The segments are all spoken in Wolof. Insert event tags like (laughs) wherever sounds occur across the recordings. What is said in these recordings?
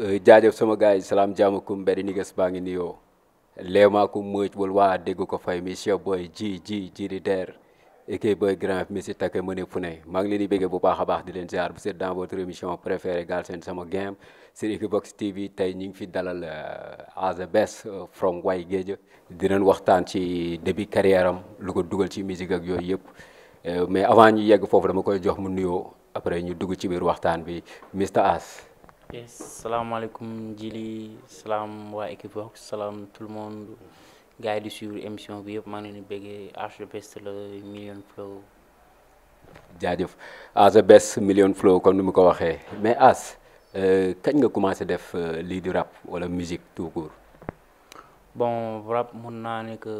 Eh, jaajëf sama gars yi salaam jaamakum mbedi niges baa ngi nuyoo leemaakum mooj bul waa dégg ko fay mi chef boy ji ji ji der équipe boy grand mi si takke mëne fu ne maa ngi leen di bégge bu baax a baax di leen ziar bu seet dans votre émission préférée Galsen Sama Game sur Equivox TV tey ñu ngi fi dalal eh, as the best eh, from way géej dinañ waxtaan ci début carrière am ko dugal ci musique ak yooyu yëpp mais avant ñu yegg foofu dama koy jox mu nuyoo après ñu dugg ci biir waxtaan bi Mr salaamaaleykum Jili salaam waa Equivox salaam tout le monde gars yi di suivre émission bi yëpp maa ngi nu béggee bëggee As The Best la million flow. jaajëf As Best million flow comme ni mu ko waxee mais As euh, kañ nga commencé def euh, lii di rap wala musique tout court. bon rap mun naa ne que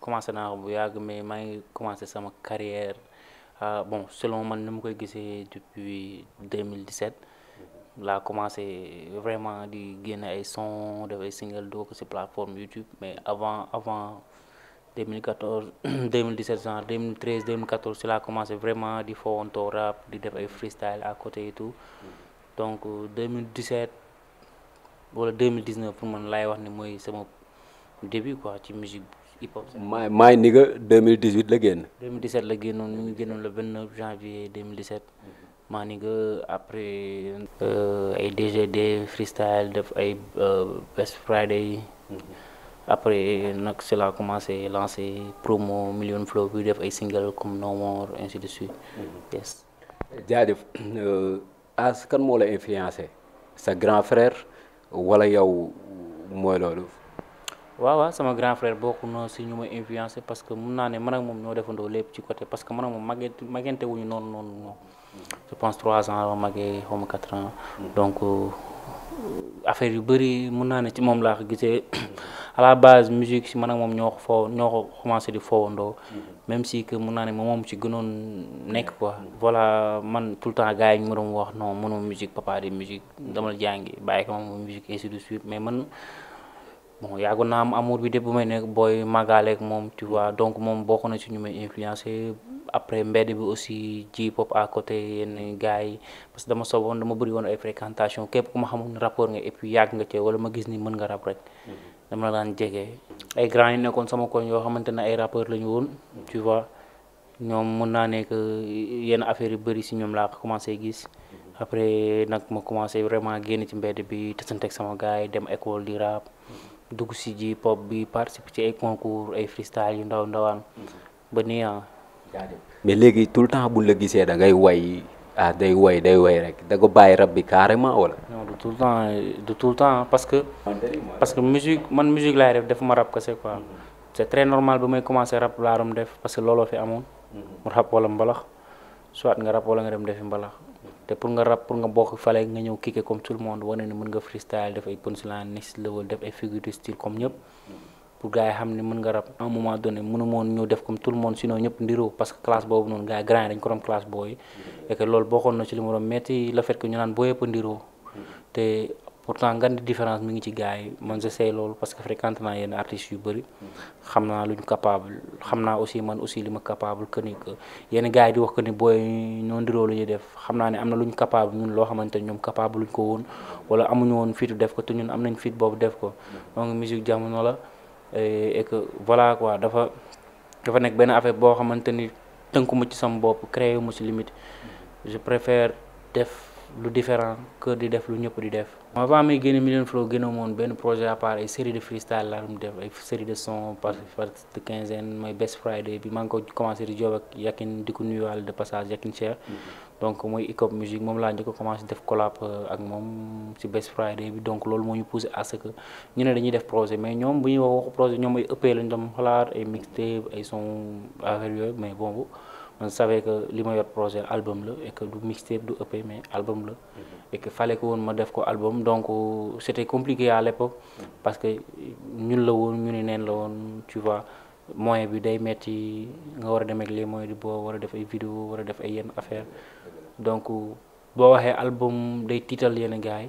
commencé naa bu yàgg mais maa ngi commencé sama carrière ah, bon selon man nu mu koy gisee depuis 2017. laa commencé vraiment di génne ay son def ay single doo ko ci plateforme YouTube mais avant avant 2014 2017 (clears throat) genre 2013 2014 ci laa commencé vraiment di fowantoo rap di def ay freestyle à côté et tout donc 2017 euh, wala 2019 pour man laay wax ni mooy sama début quoi ci musique hip hop. maay maay ni nga 2018 la génn. 2017 la génnoon ñu ngi génnoon le 29 janvier 2017. Maniga après euh, ay DGD freestyle def ay euh, Best Friday après nag ci la commencé lancé promo million flow bi def ay single comme No More ainsi de suite mm-hmm. yes jaajëf euh, as kan moo la influencé sa grand frère wala yow mooy loolu waaw waaw sama grand frère bokk na si ñu ma influencé parce que mun naa ne man ak moom ñoo defandoo lépp ci côté parce que man ak moom magante magante wuñu noonu noonu noonu mm-hmm. je pense trois ans la magee xaw ma quatre ans donc euh, affaire yu bëri mun naa ne ci moom laa gisee (clears throat) à la base musique si man moom ñoo ko foo ñoo ko commencé di foowandoo même si que mun naa ne moom ci gënoon nekk quoi voilà man tout le temps yi ñu wax non mënoo musique papa di musique dama la jàngi bàyyi moom musique ainsi de suite mais man bon yàggoon naa am amour bi dépp bu may nekk booy màggaaleeg moom tu vois donc moom bokk na ci ñu may après mbedd bi aussi ji pop à côté yenn gars yi parce que dama soboon dama bëri woon ay fréquentation képp ku ma xamul ne rapport nga et yàgg nga ci wala ma gis ni mën nga rap rek mhm. dama la daan jege ay grand yi nekkoon sama koñ yoo xamante ne ay rappeur la woon tu vois ñoom mën naa nekk yenn affaire yu bëri si ñoom laa commencé gis mhm. après nag ma commencé vraiment génn ci mbedd bi tësanteeg sama gars yi dem école di rap mhm. dugg si ji pop bi participer ci ay concours ay freestyle yu ndaw ndawaan ba nii ah. mais léegi tout le temps bu la gisee dangay ngay way ah day way day way rek da bàyyi rab bi carrément wala. non du tout le temps tout le temps parce que. parce que musique man musique laay def ma rab kese quoi. Mhm. c' est très normal bu may commencé rab laa doon def parce que looloo fi amoon. Mhm. mu rab wala mbalax soit nga rab wala nga dem defi mbalax. te pour nga rap pour nga bokk fale nga ñëw kikke comme tout le monde wane ne mën nga freestyle def ay punchline next level def ay figure comme ñëpp mhm. pour gars yi xam ne mën nga rab def comme tout le monde sinon ñëpp ndiroo parce classe boobu noonu gars yi grand yi dañ ko doon classe booy et que loolu boo yëpp a différence mi ngi ci gars yi man je sais loolu parce que fréquente naa yenn artistes yu bëri xam naa xam naa aussi man aussi li ma capable que ni que yenn gars yi wax que ni booy ñoo lu ñuy def xam naa ne am na luñ capable ñun loo xamante ne ñoom capable luñ ko woon wala amuñu woon fitu def ko te ñun am nañ fit boobu def ko donc musique jamono la et que voilà quoi dafa dafa nekk benn affaire boo xamante ni tënku ma ci sama bopp créé mu ci limite je préfère def lu différent que di def lu ñëpp di def avant may génne million flow génne moon benn projet à part ay série de freestyle laa doon def ay série de son par de quinzaine mooy best friday bi maa ngi ko commencé di job ak Yakin mm-hmm. mooy hip hop musique moom laa njëkk def collab euh, moom ci best friday bi donc loolu moo ñu poussé à que ñu ne dañuy def projet mais ñoom bu ñuy wax waxu projet ñoom ay EP lañ doon xalaat ay mixtape ay son affaire mais bon man savais que li ma yor projet album la et que du mixtape du EP mais album la mhm. et que woon ma def ko album donc euh, c'était compliqué à l'époque mhm. parce que ñun la woon ñu ni neen la woon tu vois moyen bi day metti nga war a dem ak les moyens boo war a def ay vidéo war a def ay yenn affaire donc euh, boo waxee album day tiital yenn gars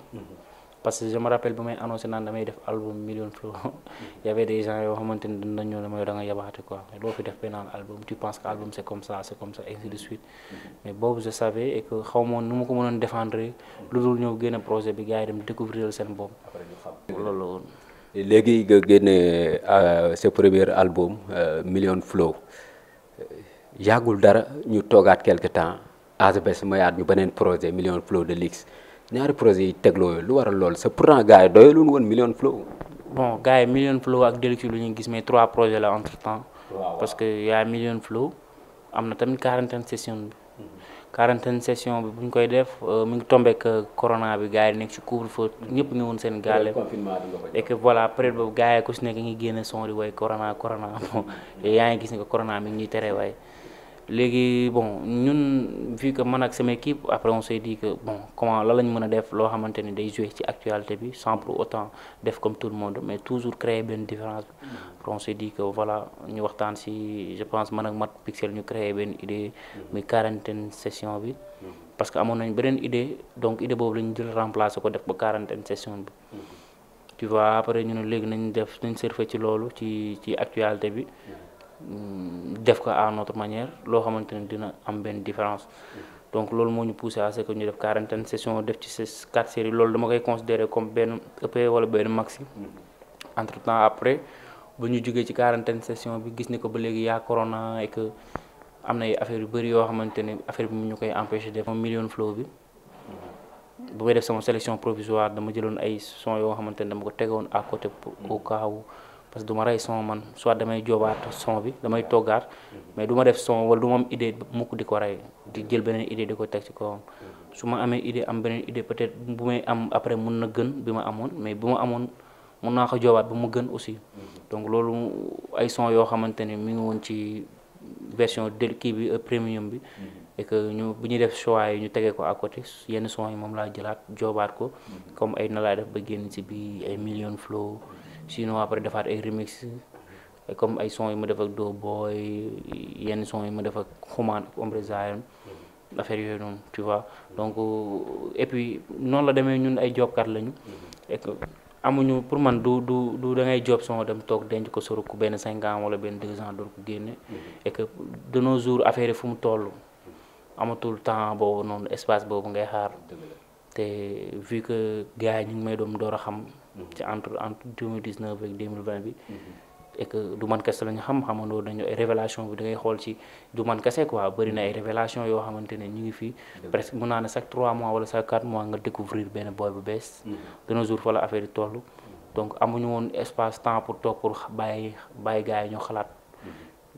parce que je me rappelle bi may annoncé naan damay def album million (laughs) yoo xamante ni dañ ñëw ne ma da nga yabaate quoi mais loo fi def benn album tu penses que de mais boobu je xaw ma nu ma ko mënoon défendre lu dul ñëw génne projet bi gars yi dem découvrir seen bopp loolu la woon léegi nga génne euh, sa premier album euh, million flow euh, yàggul dara ñu toogaat quelque temps AGBS mayaat ñu beneen projet million flow de luxe ñaari projet yi tegloo yooyu lu waral lool sa pourtant gars yi doyalul woon million flow. bon gars yi million flow ak Deluxe lu ñu gis mais trois projets la entre temps. parce que yaa million flow am na tamit quarantaine session bi. Mm-hmm. session bi bu ñu koy def euh, mu ngi tombé ak corona bi gars yi nekk si couvre feu ñëpp ngi woon seen gaale et que voilà période boobu gars yi ku si nekk ngi génne son di way corona corona bon (laughs) yaa ngi gis ni ko corona mi ngi ñuy tere waaye. léegi bon ñun vu que man ak sama équipe après on s'est dit que bon comment la lañ mën a def loo xamante ni day jouer ci actualité bi sans pour autant def comme tout le monde mais toujours créer benn différence bi mm. après on s'est voilà ñu waxtaan si je pense man ak Mat Pixel ñu créer benn idée mm. muy quarantaine session bi mm. parce que amoon nañ beneen idée donc idée boobu lañu ñu jël ko def ba quarantaine session bi tu vois après ñu ne léegi nañ def nañ surfer ci loolu ci ci actualité bi Mm, def ko à notre manière loo xamante ne dina am benn différence donc loolu moo ñu poussé à ce ñu def quarantaine session def ci ces quatre séries loolu dama koy considérer comme benn EP wala benn maxi mm-hmm. entre temps après ba ñu jógee ci quarantaine session bi gis ne ko ba léegi yaa corona et que am na ay affaire yu bëri yoo xamante ne affaire bi mu ñu koy empêché def million flow bi mm-hmm. bu may def sama sélection provisoire dama jëloon ay son yoo xamante ne dama ko tegoon à côté au cas où parce que du rey son man soit damay joobaat son bi damay toggaat mais du ma def son wala du ma am idée mukk di ko rey di jël beneen idée di ko teg ci kawam su ma amee idée am beneen idée peut-être bu may am après mun na gën bi ma amoon mais bu ma amoon mun naa ko joobaat bu ma gën aussi donc loolu ay son yoo xamante ne mi ngi woon ci version del kii bi euh, premium bi et que ñu bu ñu def choix yi ñu tegee ko à côté yenn son yi moom laa jëlaat joobaat ko comme ay na laa def ba génn ci bi ay million flow sinon après defaat ay remix comme ay son yu ma def ak Doughboy yenn son yu ma def ak Xuman ak Ombre Zion affaire yooyu noonu tu vois donc et noonu la demee ñun ay jobkat lañu et amuñu pour man du du du da ngay job son dem toog denc ko soruk benn cinq ans wala benn deux ans door ko génne et que de nos jours affaire fu mu toll amatul temps boobu noonu espace boobu ngay xaar te vu que gars yi ñu may doom door a xam Mm-hmm. ci entre entre deux mille dix bi. Mm-hmm. et du man kese la ñu xam xamandoo nañu ay révélation bi da ngay xool ci du man kese quoi bëri na ay mm-hmm. révélation yoo xamante ne ñu ngi fii presque mun naa ne chaque 3 mois wala chaque 4 mois nga découvrir benn boy bu bees. de nos fa la affaire yi toll. donc amuñu woon espace temps pour toog pour bàyyi bàyyi gars yi ñu xalaat.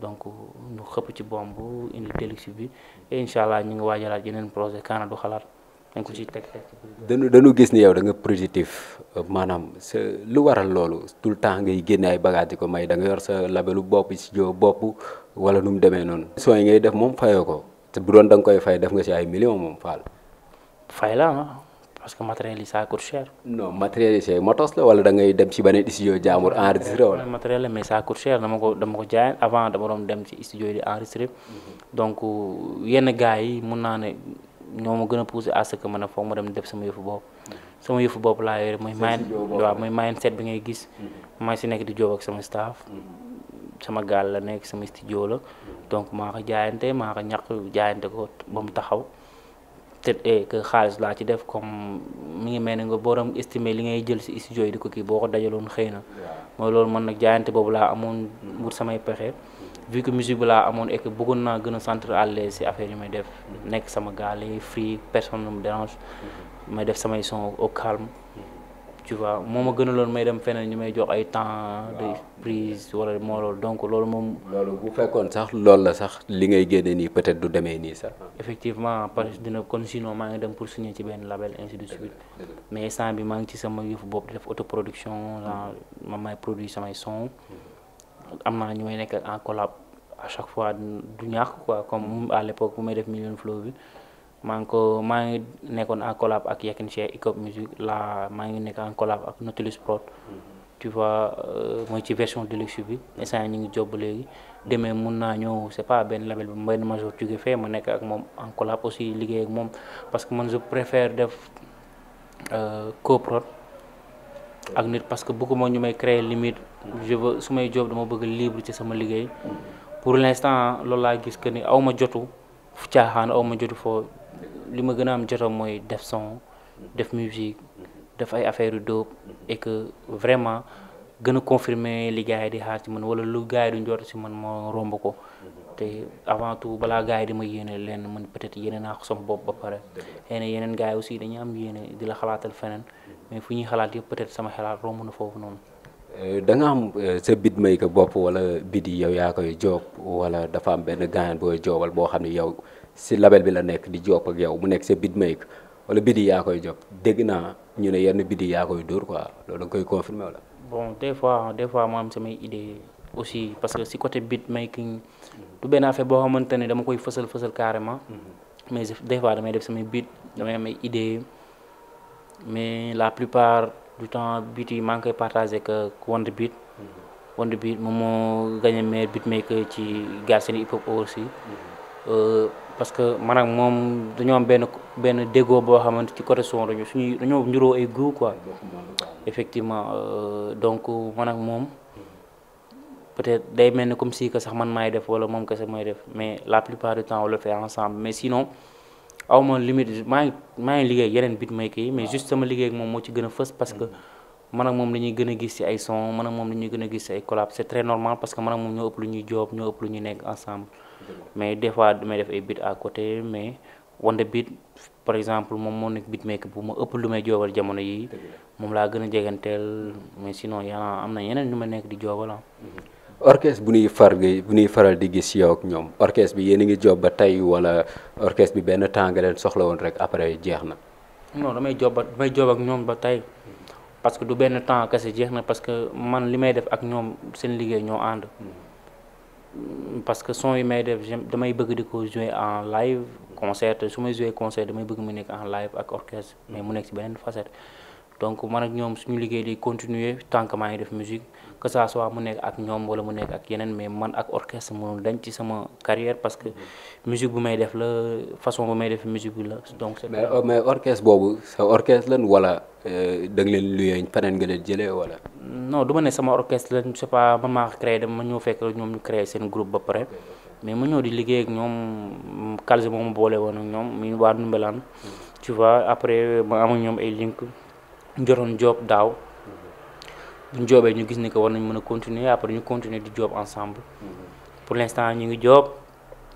donc ñu xëpp ci bomb indi délix bi et incha allah ñu ngi waajalaat yeneen projet kaana du xalaat. dañ ko ciy teg teg. dañu dañu gis ni yow da nga positif euh, maanaam lu waral loolu tout le temps ngay génne ay bagages di ko may da nga yor sa labelu bopp studio bopp wala nu mu demee noonu. émission yi ngay def moom fayoo ko te bu doon da nga koy fay def nga ci ay millions moom faal. fay la ah. parce que matériel yi ça coûte cher. no matériel yi say motos la wala da ngay dem ci beneen studio jaamur enregistré wala. matériel la mais ça coûte dama ko dama ko jaayeen avant dama doon dem ci studio yi di enregistré mhm. donc euh, yenn gars yi mun naa ne. ñoo ma gën a poussé à ce que man a foog ma dem def sama yëfu bopp sama yëfu bopp laa yore mooy mayen waaw mooy mayen set bi ngay gis mm-hmm. maa si nekk di jóob ak sama staff mm-hmm. sama gaal la nekk sama studio la donc maa ko jaayante maa ko ñàkk jaayante ko ba mu taxaw te eh, que xaalis laa ci def comme mu ngi mel ne nga boo borom estimé li ngay jël si studio yi ko kii boo ko dajaloon xëy na mooy loolu man nag jaayante boobu laa amoon mm-hmm. wut samay pexe vu que musique bi laa amoon et bëggoon naa gën a centre à l'aise si affaire yi may def nekk sama gaale free personne ne me dérange mm-hmm. may def samay son au calme mm-hmm. tu vois moo ma gënaloon may dem feneen ñu may jox ay temps de prise wala moo loolu donc loolu moom. loolu bu fekkoon sax loolu la sax li ngay génne nii peut-être du demee nii sax. effectivement parce que dina kon sinon maa ngi dem pour signer ci benn label ainsi de suite mais instant bi maa ngi ci sama yëfu bopp di def autoproduction ma may produire son. Mm-hmm. am naa ñu may nekk en collab à chaque fois du ñàkk quoi comme à l'époque bu may def million flow bi maa ngi ko maa nekkoon en collab ak Yekini Cheikh Hip Music la maa ngi nekk en collab ak Nautilus Prod tu vois euh, mooy ci version deluxe bi instant ñu ngi job léegi demee mun naa ñëw c'est pas benn label bi benn major jóge fee ma nekk ak moom en aussi liggéey ak moom parce que man je préfère def euh, coprod ak nit parce que bëgguma ñu may créer limite je veux su may job dama bëgg libre ci sama liggéey pour l'instant loolu laa gis que ni aw ma jotu fu aw ma jotu foo li ma gën a am jotam mooy def son def musique def ay affaire yu dóob et que vraiment gën a confirmer li gars yi di xaar ci man wala lu gars yi du njort ci man moo romb ko te avant tout balaa gars yi di ma yéene leen man peut-être yéene naa ko sama bopp ba pare xëy yeneen gars aussi dañuy am yéene di la xalaatal feneen mais fu ñuy xalaat yëpp peut sama xalaat romb na foofu noonu euh, da am euh, sa bit may ko bopp wala bit yi yow yaa koy joob wala dafa am benn gaan booy joobal boo xam ne yow si label bi la nekk di joob ak yow mu nekk sa bit may ko wala bit yi yaa koy joob dégg naa ñu ne yenn bit yi yaa koy dóor quoi loolu da koy confirmer la bon des fois des am samay idée aussi parce que si côté bit making du benn affaire boo xamante ne dama koy fësal fësal carrément mhm. mais des fois damay def samay bit damay am ay idée mais la plupart du temps bit yi maa ngi koy partagé que Wonder Beat Wonder mhm. Beat moom moo gagné meilleur beatmaker ci Galsen Hip Hop aussi mhm. euh, parce que man ak moom dañoo benn benn déggoo boo xamante ci côté son dañu suñuy dañoo njuróo ay goût quoi effectivement euh, donc man ak moom peut-être day mel ni comme si que sax man maay def wala moom kese mooy def mais la plupart ma maa ngi maa ngi liggéey yeneen beatmaker yi mais juste liggéey moom moo ci gën a parce que man ak moom la ñuy gis ci ay son man moom la ñuy gën a gis ci ay collab c'est très normal parce que man ak moom ñoo ëpp lu ñuy job ñoo ëpp lu ñuy def ay beat à côté mais wante beat par exemple moom moo nekk beatmaker bu ma ëpp lu may joobal jamono yii moom laa gën a jeganteel mais sinon yaa am na yeneen ñu ma nekk di joobal ah mm-hmm. orchestre bu nuy far bu ñuy faral di gis yow ak ñoom orchestre bi yéen a ngi job ba tey wala orchestre bi benn temps nga leen soxla woon rek après jeex na. non damay job ba damay job ak ñoom ba tey parce que du benn temps kese jeex na parce que man li may def ak ñoom seen liggéey ñoo ànd. parce que son yi may def damay bëgg di ko jouer en live concert su may jouer concert damay bëgg mu nekk en live ak orchestre mais mu nekk ci beneen facette donc man ak ñoom suñu liggéey di continuer tant que maa ngi def musique. que ça soit mu nekk ak ñoom wala mu nekk ak yeneen mais man ak orchestre mënul dañ ci sama carrière parce que mm-hmm. musique bu may def la façon bu may def musique bi la donc. mais euh, mais orchestre boobu sa orchestre lan wala euh, da nga leen luyeeñ feneen nga leen jëlee wala. non du ma ne sama orchestre lañ je sais pas man maa créé dama ñëw fekk ñoom ñu seen groupe ba pare. mais ma ñëw di liggéey ak ñoom calse moom ma boole woon ak ñoom muy waa Ndoumbelane mm-hmm. tu vois après ma am ak ñoom ay link jotoon job daaw bu ñu joobee ñu gis ni que war nañ mën a continuer après ñu continuer di joob ensemble. Mm-hmm. pour l'instant ñu ngi joob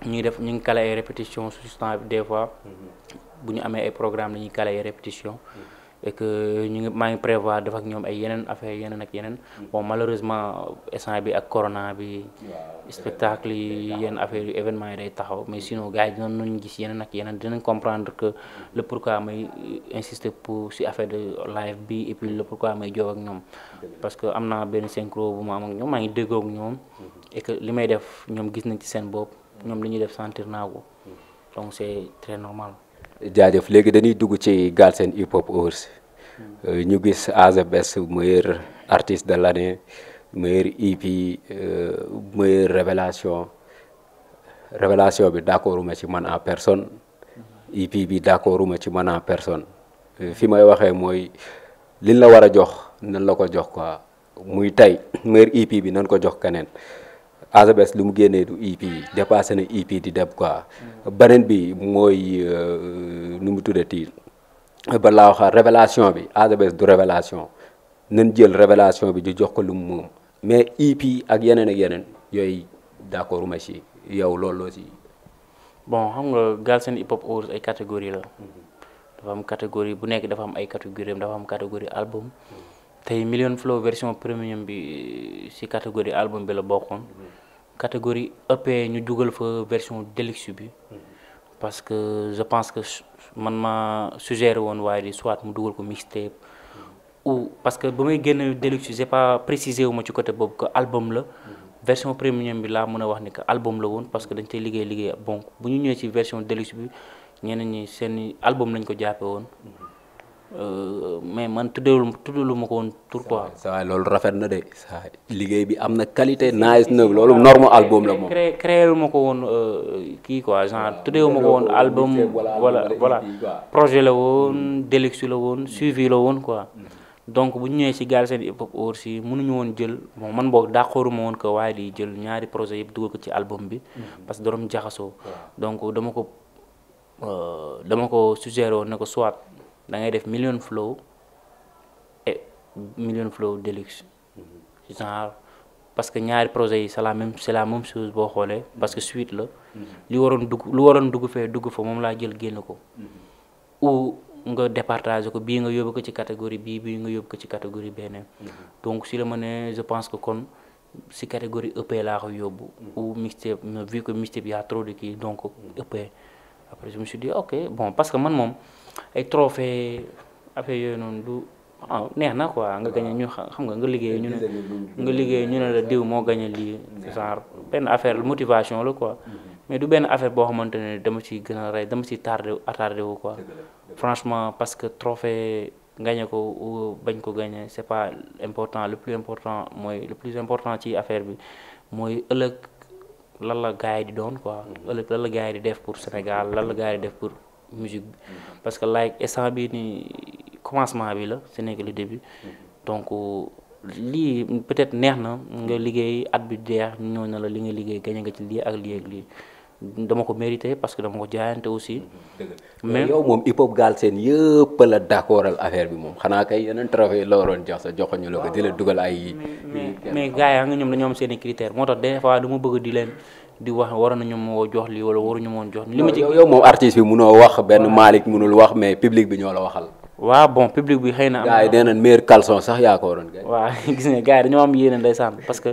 ñu ngi def ñu ngi kale ay répétitions su temps des fois mm-hmm. bu ñu amee ay programme la ñuy kale ay répétitions. Mm-hmm. et que ñu ngi maa ngi prévoir def ak ñoom ay yeneen affaire yeneen ak yeneen mm. bon malheureusement instant bi ak corona bi spectacle yi yenn affaire yu événement yi day taxaw mais sinon gars yi dinañ nañ gis yeneen ak yeneen dinañ comprendre que le pourquoi may insister pour si affaire de live bi et puis le pourquoi may jow ak ñoom parce que am naa benn synchro bu ma am ak ñoom maa ngi déggoo ñoom mm-hmm. et li may def ñoom gis nañ ci seen bopp ñoom li ñuy def sentir naa ko mm-hmm. donc jaajëf léegi dañuy dugg ci Galsen Hip Hop Awards euh, ñu gis as best meilleur artiste de l'année meilleur EP euh, meilleure révélation révélation bi d'accord uma ci man en personne EP bi d'accord uma ci man en personne euh, fi may waxee mooy liñ la war a jox nan la ko jox quoi muy tey meilleur EP bi nan ko jox keneen ASBES lu mu génnee du EP dépassé na EP di dem quoi beneen bi mooy euh, nu mu tuddati ba laa waxaa révélation bi ASBES du révélation nan jël révélation bi di jox ko lu moom mais EP ak yeneen ak yeneen yooyu d'accord ma ci yow loolu loo ci bon xam nga Galsen Hip Hop Awards ay catégorie la mm-hmm. dafa am catégorie bu nekk dafa am ay catégorie dafa am catégorie album mm-hmm. tey million flow version premium bi ci euh, catégorie album bi la bokkoon catégorie EP ñu dugal fa version deluxe bi parce que je pense que man ma suggéré woon waaye di soit mu dugal ko mixtape ou parce que ba may génn deluxe j'ai pas précisé wu ma ci côté boobu que album la version premium bi laa mën a wax ni que album la woon parce que dañ tey liggéey liggéey bon bu ñu ñëwee ci version deluxe bi ñeneen ñi seen album lañ ko jàppe woon Euh, mais man tuddewul tuddalu ma ko woon tur quoi. saa loolu rafet na de liggéey bi am na qualité nice na loolu ah, norme album la moom. créé créé ma ko woon euh, kii quoi genre tuddewu ma ko woon album. voilà voilà e projet la woon deluxe la woon mm. suivi la woon quoi. Mm. donc bu ñu ñëwee si Galsen Hip Hop Awards si mënuñu woon jël bon man boog d'accorduma woon ko waaye di jël ñaari projet yëpp dugal ko ci album bi. Mm. parce que doon jaxasoo. donc dama ko euh, dama ko suggéré woon ne ko soit. da ngay def million flow et million flow deluxe mm-hmm. genre parce que ñaari projet yi c'est la même c'est la même chose boo xoolee parce que suite la mm-hmm. li waroon dugg lu waroon dugg fee dugg fa moom laa jël génn ko mm-hmm. ou nga départager ko bii nga yóbbu ko ci catégorie bii bii nga yóbbu ko ci catégorie beneen donc si la ma ne je pense que kon si catégorie EP laa ko yóbbu ou mixtape vu que mixtape y a trop de kii donc EP après je me suis ok bon parce que man moom ay trophée affaire yooyu noonu du ah neex na quoi nga gañe ñu xam nga nga liggéey ñu ne nga liggéey ñu ne la diw moo gañe lii genre benn affaire motivation la quoi mhm. mais du benn affaire boo xamante ne dama ci gën a rey dama ci tardé attardé wu quoi franchement parce que trophée gañe ko bañ ko gañe c'est pas important le plus important mooy le plus important ci affaire bi mooy ëllëg lan la gars yi di doon quoi mhm. ëllëg lan la gars yi di def pour Sénégal lan la gars yi def pour musique parce que like instant bi commencement bi la ce n'est que le début donc lii peut-être neex na nga liggéey at bi deex ñëw na la li nga liggéey gañ nga ci lii ak lii ak lii dama ko mérité parce que dama ko jaayante aussi. mais yow moom hip hop Galsen yëpp la d'accordal affaire bi moom xanaa kay yeneen trophée la waroon jox sa ñu la ko di la dugal ay. mais mais gars yi ñoom dañoo am seen i moo tax des fois du bëgg di leen. di wax war nañu moo jox lii wala waruñu moon jox li ma ci yow moom artiste bi munoo wax benn Malick munul wax mais public bi ñoo la waxal waaw bon public bi xëy na am gars yi nee nañ meilleur caleçon sax yaa ko waroon (laughs) dañoo am yéene ndeysaan parce que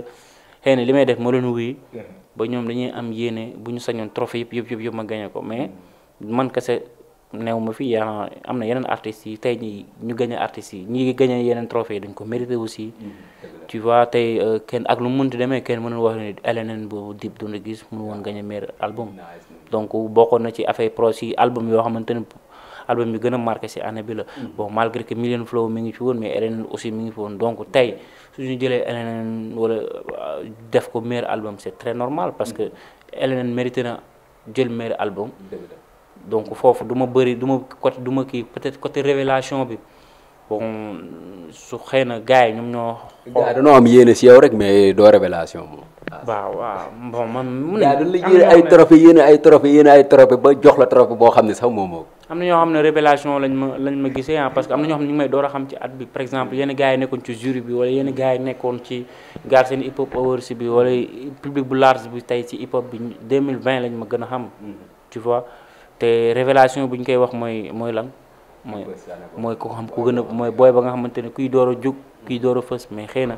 xëy na li may def ma leen wuy ba ñoom dañuy am yéene bu ñu sañoon trophée yëpp yëpp yëpp yëpp ma gagné ko mais man kese néew ma fii yaa am na yeneen artistes yi tey ñi ñu gagné artistes yi ñi gagné yeneen trophée dañ ko mérité aussi mm, tu vois tey euh, kenn ak lu mu munti demee kenn mënul wax ne LNN boobu Dip Doundou Guiss mënu woon gagné meilleur album donc bokkoon na ci affaire pro si album yoo xamante ne album bi gën a marqué si année bi la mm. bon malgré que Million Flow mi ngi fi woon mais LNN aussi mu ngi fi woon donc tey ñu jëlee LNN wala euh, def ko maire album c'est très normal parce mm. que LNN mérité jël meilleur album donc foofu du ma bëri du ma côté du ma kii peut-être côté révélation bi bon su xëy na gars yi ñoom ñoo. gars dañoo am yéene si yow rek mais doo révélation moom. waaw waaw bon man. mun nañu dañu la yéene ay trophée yéene ay trophée ba jox la trophée boo xam ne sax moom moo. am na ñoo xam ne révélation lañ ma lañ ma gisee ah parce que am na ñoo xam ne ñu may door a xam ci at bi par exemple yenn gars yi nekkoon ci jury bi wala yenn gars yi nekkoon ci gaar seen hip hop awards bi wala public bu large bi tey ci hip hop bi 2020 lañ ma gën a xam mm-hmm. tu vois. te révélation bu ñu koy wax mooy mooy lan mooy mooy ko xam ku gën mooy booy ba nga xamante ne kuy door jug kuy door a fës mais xëy na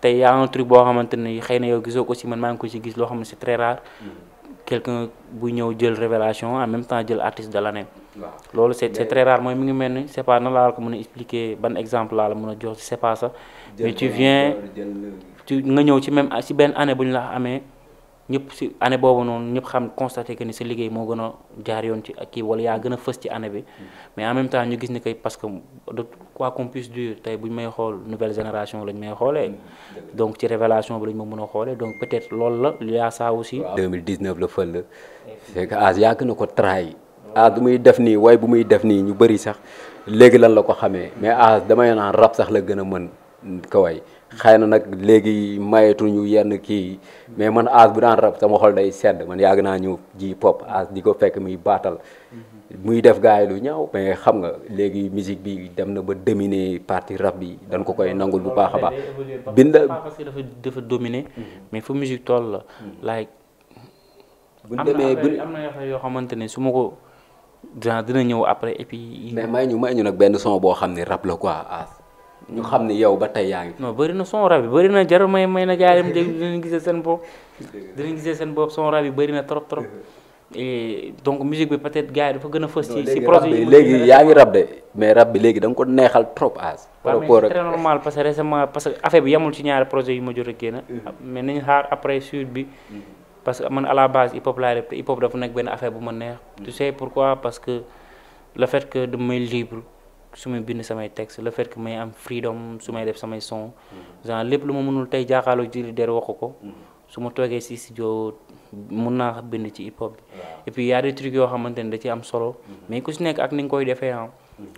tey y a boo xamante ne xëy na yow gisoo ko si man maa ngi ko si gis loo xam ne c'est très rare mm-hmm. quelqu'un bu ñëw jël révélation en même temps jël artiste de l'année loolu c'est c'est très mooy mi ngi mel ni c'est pas na laa la ko mën a expliquer ban exemple laa la mën a jox c'est pas ça mais tu viens tu nga ñëw ci même si benn année bu ñu la amee ñépp si année boobu noonu ñëpp xam constaté que ni sa liggéey moo gën a jaar yoon ci kii wala yaa gën a fës ci année bi mm. mais en même temps ñu gis ni koy parce que de quoi tey bu ñu may xool nouvelle génération lañ may xoolee mm. donc ci révélation bi lañ ma mën a xoolee donc peut-être loolu la yaa saa aussi 2019 la fël c'est que yàgg na ko trahi oh. ah du muy def nii waaye bu muy def nii ñu bëri sax léegi lan la ko xamee mais ah damay naan rab sax la gën a mën ko xëy na nag léegi mayetuñu yenn kii mais man aas bu daan rab sama xol day sedd man yàgg naa ñëw jii pop aas di ko fekk muy baatal muy def gaay lu ñaw mais xam nga léegi musique bi dem na ba dominer partie rab bi dañ ko koy nangul bu baax a baax binda parce que dafa dafa mais fu musique toll la like bu ñu demee bu am yoo xamante ne su ma ko dina ñëw après et puis mais may ñu may ñu nag benn son boo xam ne rab la quoi aas ñu xam ne yow ba tey yaa ngi. bari na son rab yi bëri na jar may may na jaay dem dégg dinañ seen bopp. dinañ gisee seen bopp son rab yi bëri na trop trop. Et donc musique bi peut-être yi dafa gën a fës ci ci yaa ngi rab de rab bi léegi ko neexal trop as par rapport ak parce que récemment parce que affaire bi yamul ci ñaari projet yu ma jot a génn mm-hmm. mais nañu xaar après suite bi mm-hmm. parce que man à la base hip hop laa def dafa nekk benn affaire bu ma neex mm-hmm. tu sais pourquoi parce que le fait que damay libre su may bind samay texte le fait que may am freedom su may def samay son genre lépp lu ma mënul tey jaaxaaloo jili der waxu ko su ma toogee si studio mun naa bind ci hip hop bi et puis y a des trucs yoo xamante ne da ci am solo mm-hmm. mais ku si nekk ak ni nga koy defee ah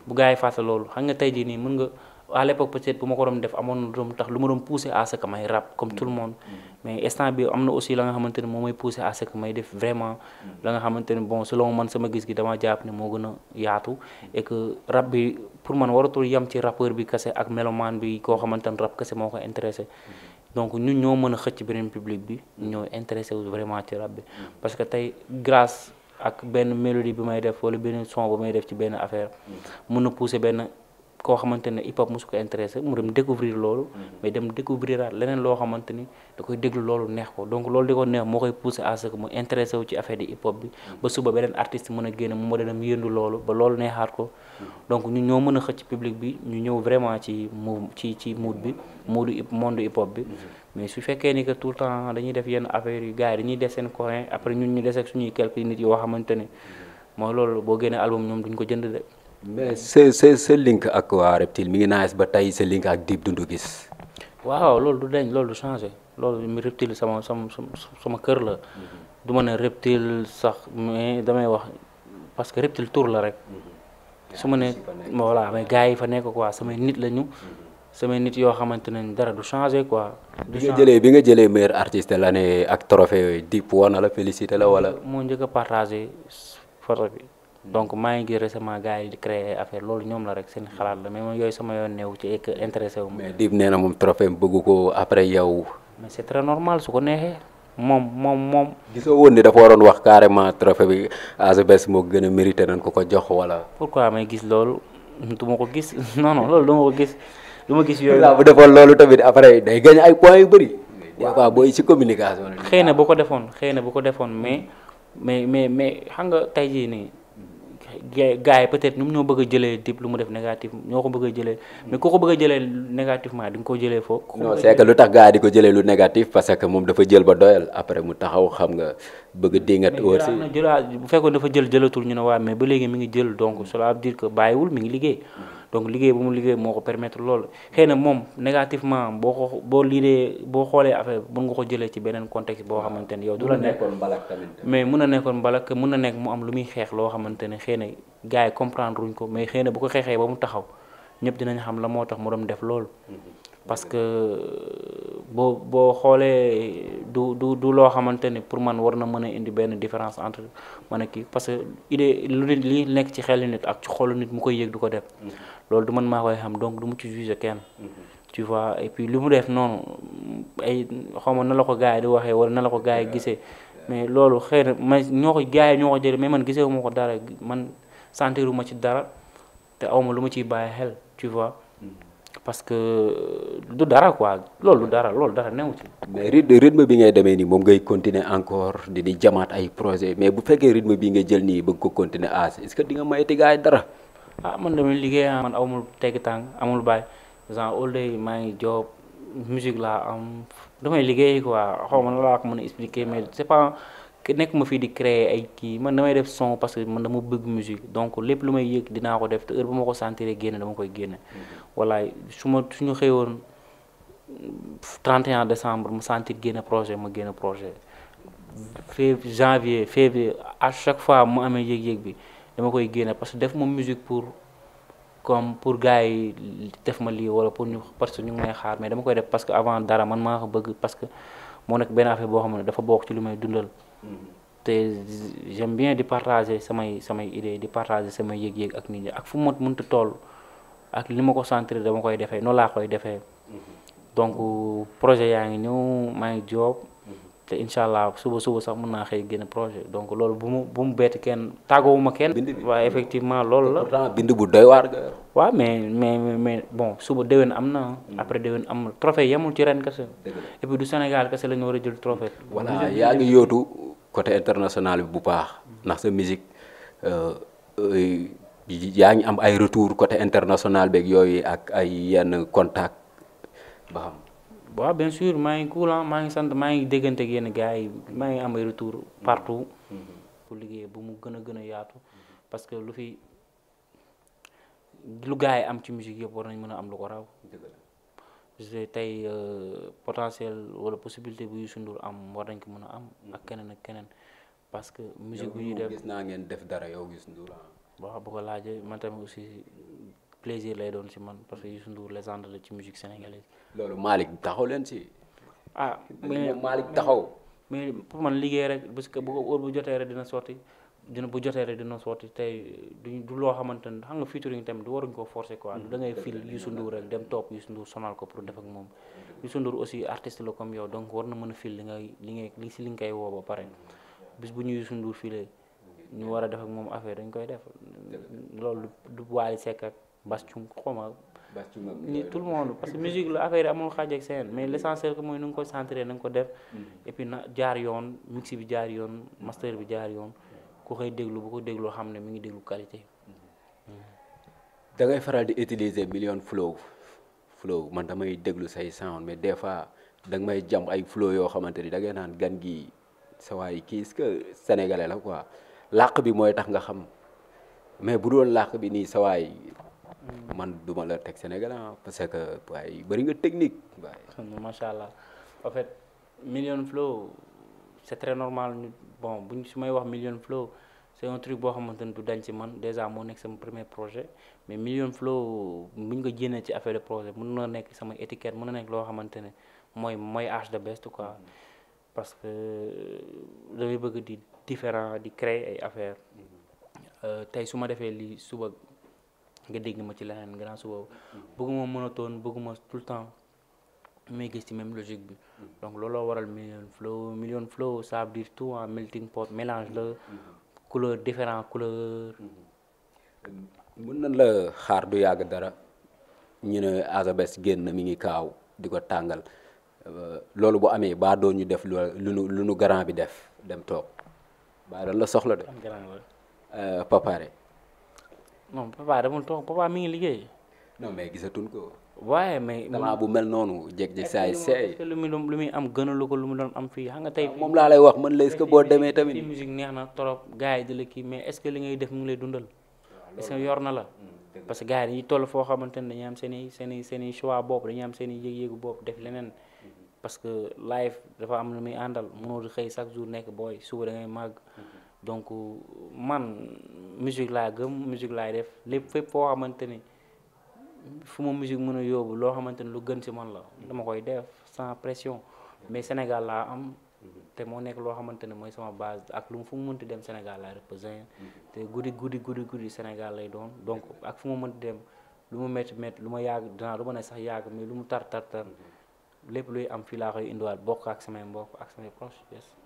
bu gars yi fàtte loolu xam nga tey jii nii mën nga à l'époque peut-être bu ma ko doon def amoon na doon tax lu ma doon poussé à ce may rap comme tout le monde mm. mais instant bi am na ne moom mooy poussé à ce que may def vraiment mm. man sama gis gi dama jàpp ne moo gën a yaatu mm. et que bi pour man waratul yem ci rappeur bi kese ak melomaan bi koo xamante ne rap kese moo ko intéressé donc ñun ñoo mën a xëcc beneen public bi ñoo intéressé wu vraiment ci rap bi parce que tey grâce ak benn mélodie bi may def wala benn son bu may def ci benn affaire mën na poussé benn koo xamante ne hip hop mosu ko intéressé mu dem découvrir loolu mm-hmm. mais dem découvrir leneen loo xamante da koy déglu loolu neex ko donc loolu di ko neex moo koy poussé bi mm-hmm. ba suba beneen artiste mën a génn mu ma dem mm-hmm. ñu bi ñu ñëw vraiment ci mou ci ci mood bi moodu monde hip hop bi mais su fekkee ni que tout temps dañuy def yenn affaire yu gars yi dañuy des seen après ñun ñu des suñuy quelques nit yoo xamante mooy loolu boo génnee album ñoom duñ ko jënd de mais sa sa sa link ak waa reptile mi ngi naan ba tey sa link ak Dip dundu gis waaw loolu du deñ loolu du changé loolu mi reptile sama sama kër la mhm. du ma ne reptile sax mais damay wax parce que reptile tur la rek su ma ne voilà mais gars yi fa nekk quoi samay nit la ñu mhm. samay nit yoo xamante ne dara du changé quoi. bi nga jëlee bi nga jëlee meilleur artiste l'année ak trophée yooyu Dip woon na la félicité la wala. moo njëkk a partagé photo bi. donc maa ngi récemment gars yi di créer affaire loolu ñoom la rek seen xalaat la mais moom yooyu sama yoon new ci ek intéressé wu mais Dip nee na moom trophée bëgg ko après yow mais c'est très normal su ko neexee moom moom moom gisoo woon ni dafa waroon wax carrément trophée bi AGBES moo gën a mérité nañ ko ko jox wala pourquoi may gis loolu du ma ko gis (laughs) non non loolu du ma ko gis du ma gis yooyu la bu defoon loolu tamit après day gagné ay points yu bëri waaw booy ci communication xëy na bu ko defoon xëy na bu ko defoon mais mais mais mais xam nga tey jii nii gars yi peut-être ñoom ñoo bëgg a jëlee type lu mu def négatif ñoo ko bëgg a jëlee mais ku ko bëgg a jëlee négativement di nga ko jëlee foofu. non c'est lu tax gars yi di ko jëlee lu négatif parce que moom dafa jël ba doyal après mu taxaw xam nga bëgg a dingat aussi mais jëlaat bu dafa jël jëlatul ñu ne waaw mais ba léegi mi ngi jël donc cela veut dire que bàyyiwul mi ngi liggéey. donc liggéey bu mu liggéey moo ko permettre loolu xëy na moom négativement boo ko boo liiree boo xoolee affaire mën nga ko jëlee ci beneen contexte boo xamante ne yow du la nekk mais mun na nekkoon mbalak mun na nekk mu am lu muy xeex loo xamante ne xëy na gars yi comprendre wuñ ko mais xëy na bu ko xeexee ba mu taxaw ñëpp dinañ xam la moo tax mu doon def loolu mm-hmm. parce que euh, boo boo xoolee du du du loo xamante ne pour man war na mën a indi benn différence entre ma a kii parce que idée lu nit lii nekk ci xel nit ak ci xolu nit mu ko yëg du ko def mm-hmm. loolu du man maa koy xam donc du mu ci juger kenn mm-hmm. tu vois et puis li mu def noonu ay xaw ma na la ko gars yi di waxee wala na la ko gars yi gisee mais loolu xëy na ma ñoo ko gars ñoo ko jëlee mais man gisee wu ma ko dara man sentiruma ci dara te awma lu ma ciy bàyyi xel tu parce que euh, du dara quoi loolu du dara loolu dara newu ci. mais rythme bi ngay demee nii moom ngay continuer encore di di jamaat ay projet mais bu fekkee rythme bi nga jël nii bëgg ko continuer aas ah, est que di nga mayti gaay dara. a ah, man damay liggéey ah, man amul tegg tàng amul bàyyi genre all day maa ngi job musique laa am damay liggéey quoi xaw la laa ko mën a expliquer mais c'est que nekk ma fii di créer ay kii man damay def son parce que man dama bëgg musique donc lépp lu may yëg dinaa ko def te heure bu ma ko sentiree génn dama koy génn. Mm-hmm. voilà su ma suñu xëyoon 31 décembre mu sentir génn projet ma génn projet fév janvier février à chaque fois mu amee yëg-yëg bi dama koy génne parce que def ma musique pour comme pour gars yi def ma lii wala pour ñu parce que ñu ngi may xaar mais dama koy def parce que avant dara man maa ko bëgg parce que moo nekk benn affaire boo xam ne dafa bokk ci lu may dundal. te j'aime bien di partager samay samay idées di partager samay yëg-yëg ak nit ñi ak fu mu mënti tool ak li ma ko centré dama koy defee noonu laa koy defee mm-hmm. donc projet yaa ngi ñëw maa ngi joob mm-hmm. te incha allah suba suba sax mun naa xëy génn projet donc loolu bu mu bu mu bett kenn tàggoowuma kenn. waaw effectivement loolu la. pourtant bind bu doy waar. mais mais mais bon suba déwén am na. Mm-hmm. après déwén am na trophée yemul ci ren kese. et du Sénégal kese la ñu war a jël trophée. voilà yaa côté international bi bu baax ndax sa musique euh, yaa ngi am ay retour côté international beeg yooyu ak ay yenn contact ba xam. waaw bien sûr maa ngi cool ah, maa ngi sant maa ngi déggante ak gars yi maa ngi am ay retour partout. Mm-hmm. pour liggéey bu mu gën a gën a yaatu. parce que lu fi lu gars yi am ci musique yëpp war nañ mën a am lu ko raw. puisque tey euh, potentiel wala possibilité bu Youssou Ndour am war nañ ko mën a am. ak keneen ak keneen parce que. musique bu ñuy def gis naa ngeen def dara yow Youssou Ndour ah. waaw bu ko laajee man tamit aussi plaisir lay doon si man parce que Youssou Ndour légende la ci musique sénégalaise. loolu Malick taxaw leen si. ah mais Malick taxaw. mais pour man liggéey rek parce que bu ko wóor bu jotee rek dina sotti. dina bu jotee rek dina sotti tey du loo xamante ne xam nga featuring tamit du waruñ koo forcer quoi mm-hmm. du da ngay fil Youssou Ndour rek dem topp Youssou Ndour sonal ko pour def ak moom Youssou Ndour aussi artiste war a fil li ngay li ba pare bis bu ñu Youssou Ndour ñu war a def ak moom affaire dañ koy def loolu du Wally Seck ak Bass Thioung xoma ni tout le monde parce musique la affaire amul xaaj seen mais mm-hmm. l'essentiel que mooy nu nga ko centré na nga ko def mm-hmm. et puis na jaar yoon mix bi jaar yoon master bi jaar yoon ku koy déglu bu ko déglu xam ne mu ngi déglu qualité. da ngay faral di utiliser million flow flow man damay déglu say sound mais des fois da may jam ay flow yoo xamante ni da ngay naan gan gi sa waay kii est-ce que sénégalais la quoi làq bi mooy tax nga xam mais bu doon làq bi nii sa waay man duma la teg sénégalais ah, parce que waaye bëri nga technique waaye. (laughs) allah en fait million flow c'est très normal bon buñ su may wax million flow. c'est un boo xamante ni du dañ ci man déjà moo nekk sama premier projet mais Million Flow bu ñu ko génnee ci affaire de projet mën na nekk sama étiquette mën na nekk loo xamante ne mooy mooy âge de best quoi mm-hmm. parce que euh, damay bëgg di différent di créer ay affaires mm-hmm. euh, tey su ma defee li suba nga dégg ma ci leneen grand suba mm-hmm. bëgguma monotone bëgguma tout le temps may gis ci logique bi donc looloo waral Million Flow Million Flow ça dire tout en melting pot mélange la couleur différent couleur mm-hmm. mën na la xaar du yàgg dara ñu ne Agabès génn mi ngi kaaw di ko tàngal euh, loolu bu amee baa doon ñu def lu nu lu bi def dem toog baa doon la soxla de euh, papare non papa demul toog papa mi ngi liggéey non mais gisatuñ ko waaye mais damaa bu mel noonu jékki-jékki saa yi seey lu muy lu muy am gënalu ko lu mu doon am fii xam nga tey ah, moom laa lay wax man la boo demee tamit musique na trop gars yi di kii mais est-ce que li ngay def mu ngi lay dundal est-ce que yor na la mm, parce que yi toll foo xamante ne dañuy am seen i seen i seen i choix bopp dañuy am seen i yëg-yëgu bopp def leneen mm-hmm. parce que life dafa am lu muy àndal mënoo di xëy chaque jour nekk booy suba da ngay màgg mm-hmm. donc man musique laa gëm musique laay def lépp fépp foo xamante ni fu ma musique mën a yóbbu loo xamante ne lu gën si man la dama koy def sans pression mais Sénégal laa am mhm. te moo nekk loo xamante ne mooy sama base ak lu mu fu mu mënti dem Sénégal laay représenté mhm. te guddi guddi guddi guddi Sénégal lay doon donc ak fu ma mënti dem lu mu metti métti lu ma yàgg dinaa lu ma ne sax yàgg mais lu mu tar tar mhm. lépp luy am fii laa koy indiwaat bokk ak samay mbokk ak samay proches yes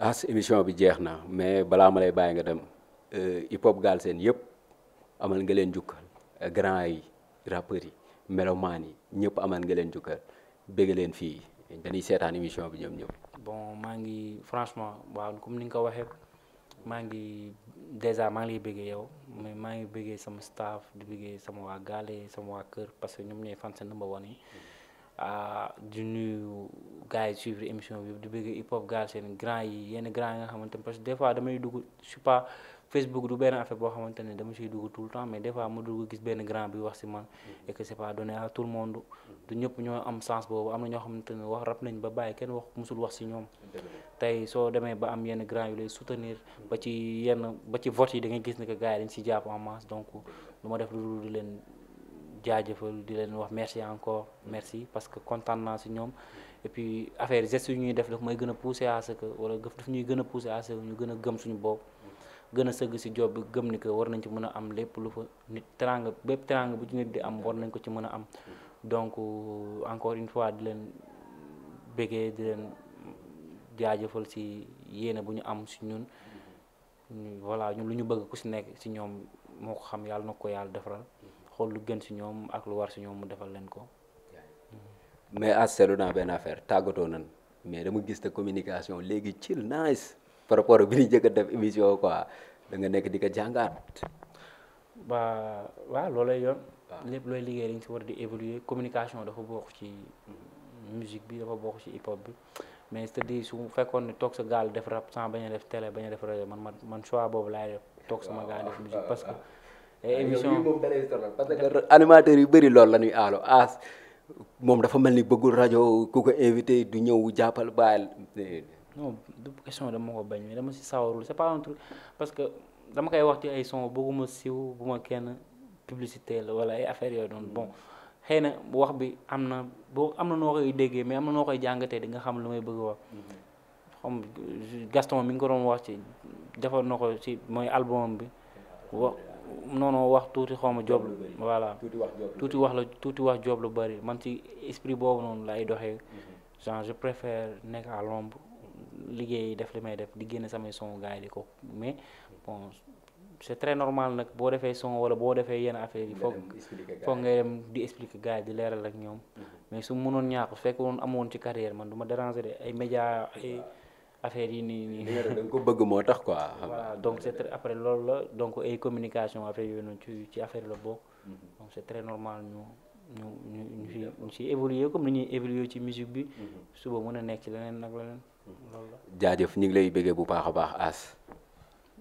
ah, émission bi jeex na mais balaa ma lay bàyyi nga dem euh, hip hop seen yëpp amal nga leen jukkal yi rappeurs yi melomaan yi ñëpp amal nga leen jukkal bëgg leen fii dañuy seetaan émission bi ñoom ñëpp. bon maa ngi franchement waaw comme ni nga ko waxee maa ngi déjà maa ngi lay bëggee yow mais maa ngi béggee sama staff di bëggee sama waa gaale sama waa kër parce que ñoom ñooy fan sa number one yi ah, di nuyu gars yi suivre émission bi di bëggee hip hop gaal seen grand yi yenn grand yi nga xamante ne parce damay dugg je Facebook du benn affaire boo xamante ne dama ciy dugg tout le temps mais des fois mu dugg gis benn grand bi wax ci man mm. et que c'est pas donné à tout le monde mm. du ñëpp ñoo am sens boobu am na ñoo xamante ne wax rap nañ ba bàyyi kenn wax musul wax ci ñoom tey soo demee ba am yenn grand yu lay soutenir mm. ba ci yenn ba ci vote yi da ngay gis ne que gars yi dañ ci jàpp en masse donc lu ma def lu dul di leen jaajëfal di leen wax merci encore merci parce que kontaan naa ci ñoom et puis affaire yu ñuy def daf may gën a pousser à que wala daf ñuy gën a pousser à ñu gën a suñu bopp gën a sëgg si job bi gëm ni que war nañ ci mën a am lépp lu fa nit teranga bépp teranga bu ci nit di am war nañ ko ci mën a am donc euh, encore une fois di leen bëggee di leen jaajëfal si yéene bu ñu am si ñun voilà ñun lu ñu bëgg ku si nekk si ñoom moo ko xam yàlla na ko yàlla defaral xool lu gën si ñoom ak lu war si ñoom mu defal leen ko. mais as seetlu naa benn affaire tàggatoo nan mais dama gis te communication léegi chill nice par rapport ak bi ñu njëkk a def émission quoi da nga nekk di ko jàngaat. loolu waaw loolay yoon. lépp looy liggéey dañ si war di évoluer communication dafa bokk ci musique bi dafa bokk ci hip hop bi mais c'est-à-dire su fekkoon ne toog sa gaal def rap sans bañ a def télé bañ a def rajo man man man choix boobu laay def toog sama gaal def musique parce eh, que. émission moom animateurs yu bëri loolu la ñuy aalo aas moom dafa mel ni bëggul rajo ku ko invité du ñëw jàppal baal. non du question dama ko bañ mais dama si sawarul c'est pas un parce que dama koy wax ci ay son bëgguma siw bu ma kenn publicité la wala ay affaires yooyu noonu bon xëy na wax bi am na boo am noo koy déggee mais am koy jàngatee di nga xam lu bëgg wax xam Gaston mi ngi ko doon wax ci defoon na ko ci mooy album bi wax noonu wax tuuti xaw ma job voilà tuuti wax la tuuti wax job lu bari man ci esprit boobu noonu lay doxee genre je préfère nekk à l'ombre liggéey def li may def di génne samay son gars di ko mais bon c'est très normal nag boo defee son wala boo defee yenn affaire yi foog foog ngay dem di expliquer gars di leeral ak ñoom mhm. mais su mënoon ñaaku su fekkoon amoon ci carrière man du ma déranger de ay média ay yi nii nii. da nga ko bëgg moo tax quoi. (laughs) voilà donc c'est très après loolu la donc ay communication affaire yooyu ci ci affaire la bokk. Mhm. donc c'est normal ñu ñu ñu ñu si évoluer comme ni ñuy évoluer ci musique bi. Mhm. suba mën a nekk ci leneen nag leneen. jaajëf ñu ngi lay bëggee bu baax a baax As.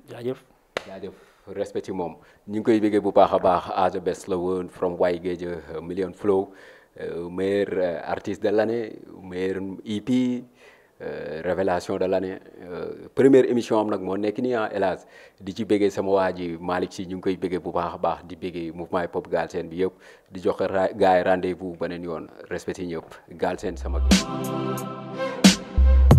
jaajëf jaajëf respect ci moom ñu ngi koy bëggee bu baax a baax As The la woon from Waygeeja euh, Million Flow euh, meilleur euh, artiste de l' année meilleur EP révélation de l' année première émission am nag moo nekk nii ah hélas di ci bëggee sama waaj ji Malick si ñu ngi koy bëggee bu baax a baax di bëggee mouvement pop Galsen bi yëpp di joxe gaay rendez-vous beneen yoon respect ci ñëpp Galsen sama.